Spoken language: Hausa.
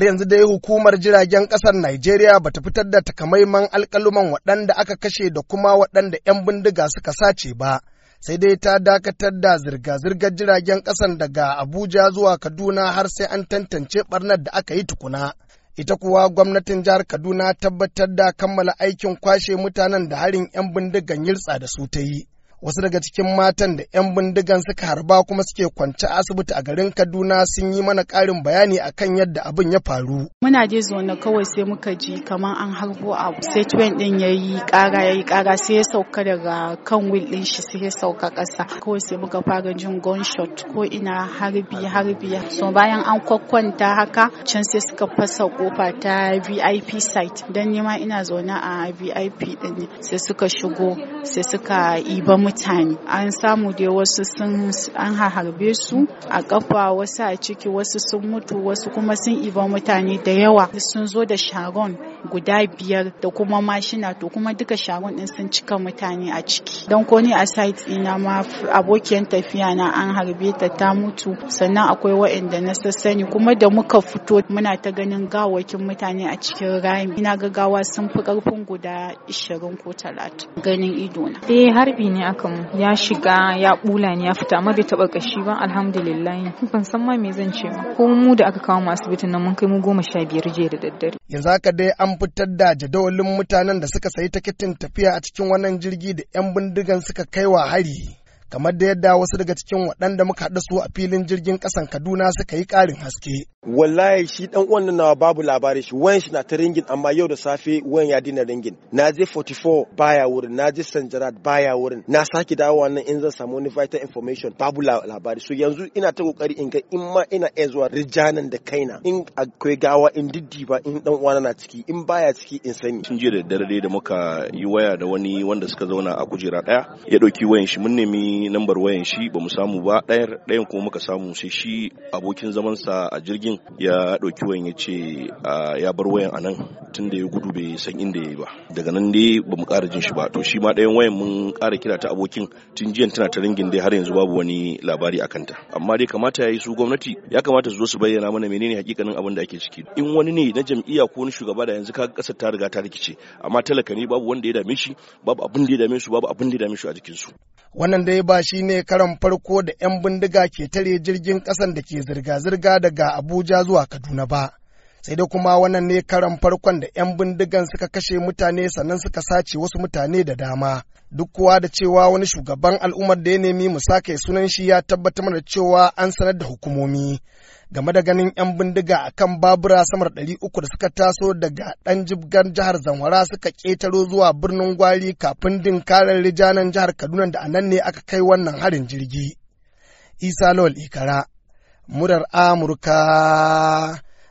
har yanzu dai hukumar jiragen ƙasar Najeriya ba ta fitar da takamaiman alƙaluman waɗanda aka kashe da kuma waɗanda 'yan bindiga suka sace ba, sai dai ta dakatar da zirga-zirgar jiragen ƙasan daga Abuja zuwa Kaduna har sai an tantance ɓarnar da aka yi tukuna. Ita kuwa gwamnatin jihar Kaduna tabbatar da kammala aikin kwashe mutanen da harin 'yan bindigan yiltsa da su ta yi. wasu daga cikin matan da 'yan bindigan suka harba kuma suke kwance asibiti a garin kaduna sun yi mana karin bayani akan yadda abin ya faru muna je zuwa kawai sai muka ji kamar an harbo a sai tuwen din ya yi kara ya yi ƙara sai ya sauka daga kan wil din shi sai ya sauka kasa kawai sai muka fara jin gunshot ko ina harbi harbi so bayan an kwakwanta haka can sai suka fasa kofa ta vip site don nema ina zaune a vip din sai suka shigo sai suka iba mu mutane an samu da wasu sun an harbe su a kafa wasu a ciki wasu sun mutu wasu kuma sun iba mutane da yawa sun zo da sharon guda biyar da kuma mashina to kuma duka sharon din sun cika mutane a ciki don ko a site ina ma abokin tafiya na an harbe ta ta mutu sannan akwai waɗanda na sassani kuma da muka fito muna ta ganin gawakin mutane a cikin rami ina ga gawa sun fi karfin guda 20 ko 30 ganin idona. Eh harbi ne aka kam ya shiga ya bula ni ya fita amma bai taba kashi ba alhamdulillah ban san ma me zan ce ba ko mu da aka kawo mu asibitin nan mun kai mu goma sha biyar jiya da daddare yanzu haka dai an fitar da jadawalin mutanen da suka sayi tikitin tafiya a cikin wannan jirgi da yan bindigan suka kai wa hari kamar da yadda wasu daga cikin waɗanda muka haɗu su a filin jirgin ƙasan Kaduna suka yi ƙarin haske. Wallahi shi ɗan uwan nawa babu labari shi wayan shi na ta ringin amma yau da safe wayan ya dina ringin. Na je 44 baya wurin, na je San Jarad baya wurin, na sake dawo wannan in zan samu wani vital information babu labari. So yanzu ina ta kokari in ga in ma ina iya zuwa rijanan da kaina in akwai gawa in diddi ba in ɗan uwana na ciki in baya ciki in sani. Sun jiya da dare da muka yi waya da wani wanda suka zauna a kujera ɗaya ya ɗauki wayan shi mun nemi lambar wayan shi ba mu samu ba ɗayar ɗayan kuma muka samu sai shi abokin zamansa a jirgin ya ɗauki wayan ya ce ya bar wayan a nan tun da ya gudu bai san inda ya yi ba daga nan dai ba mu ƙara jin shi ba to shi ma ɗayan wayan mun ƙara kira ta abokin tun jiyan tana ta ringin dai har yanzu babu wani labari a kanta amma dai kamata ya yi su gwamnati ya kamata su zo su bayyana mana menene hakikanin abin da ake ciki in wani ne na jam'iyya ko wani shugaba da yanzu ka ƙasar ta riga ta rikice amma talaka ne babu wanda ya dame shi babu abin da ya dame su babu abin da ya dame shi a jikinsu Wannan dai ba shi ne karan farko da 'yan bindiga ke tare jirgin ƙasan da ke zirga-zirga daga Abuja zuwa Kaduna ba. sai dai kuma wannan ne karan farkon da 'yan bindigan suka kashe mutane sannan suka sace wasu mutane da dama duk kuwa da cewa wani shugaban al'ummar da ya nemi mu sake sunan shi ya tabbatar da cewa an sanar da hukumomi game da ganin 'yan bindiga a kan babura samar uku da suka taso daga ɗan jibgar jihar zamfara suka ƙetaro zuwa birnin gwari kafin dinkarar rijanan jihar kaduna da anan ne aka kai wannan harin jirgi isa lawal ikara murar amurka